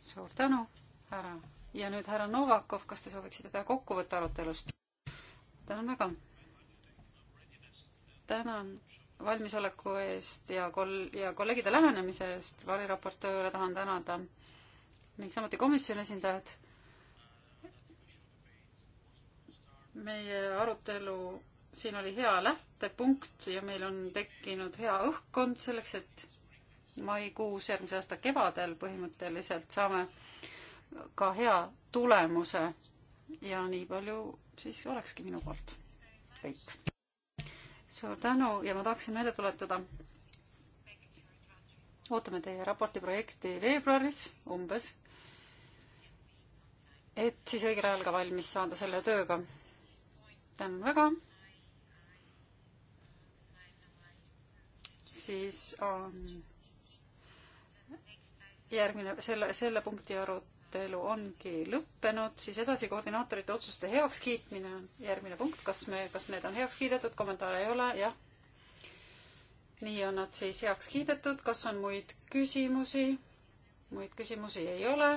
suur tänu, härra. ja nüüd härra Novakov, kas te sooviksite teha kokkuvõtte arutelust? tänan väga. tänan valmisoleku eest ja kol-, ja kolleegide lähenemise eest, variraportööre tahan tänada ning samuti komisjoni esindajad. meie arutelu siin oli hea lähtepunkt ja meil on tekkinud hea õhkkond selleks, et maikuus järgmise aasta kevadel põhimõtteliselt saame ka hea tulemuse. ja nii palju siis olekski minu poolt kõik. suur tänu ja ma tahaksin meelde tuletada. ootame teie raporti projekti veebruaris umbes. et siis õigel ajal ka valmis saada selle tööga. tänan väga siis on järgmine, selle, selle punkti arutelu ongi lõppenud, siis edasi koordinaatorite otsuste heakskiitmine on järgmine punkt, kas me, kas need on heaks kiidetud, kommentaare ei ole, jah. nii on nad siis heaks kiidetud, kas on muid küsimusi? muid küsimusi ei ole.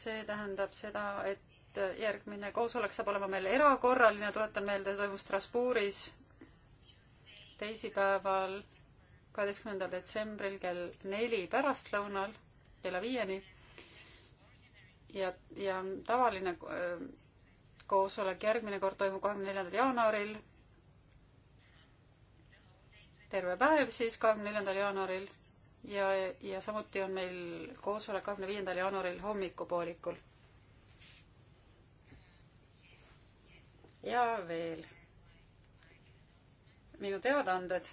see tähendab seda, et järgmine koosolek saab olema meil erakorraline, tuletan meelde, toimub Strasbourgis teisipäeval, kaheteistkümnendal detsembril kell neli pärastlõunal kella viieni ja, ja tavaline äh, koosolek järgmine kord toimub kahekümne neljandal jaanuaril. terve päev siis kahekümne neljandal jaanuaril ja, ja samuti on meil koosolek kahekümne viiendal jaanuaril hommikupoolikul. ja veel minu teadaanded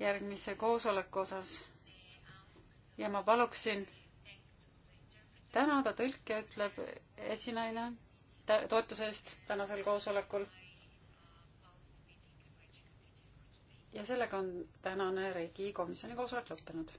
järgmise koosoleku osas ja ma paluksin tänada tõlke, ütleb esinaine toetuse eest tänasel koosolekul. ja sellega on tänane Reigi komisjoni koosolek lõppenud.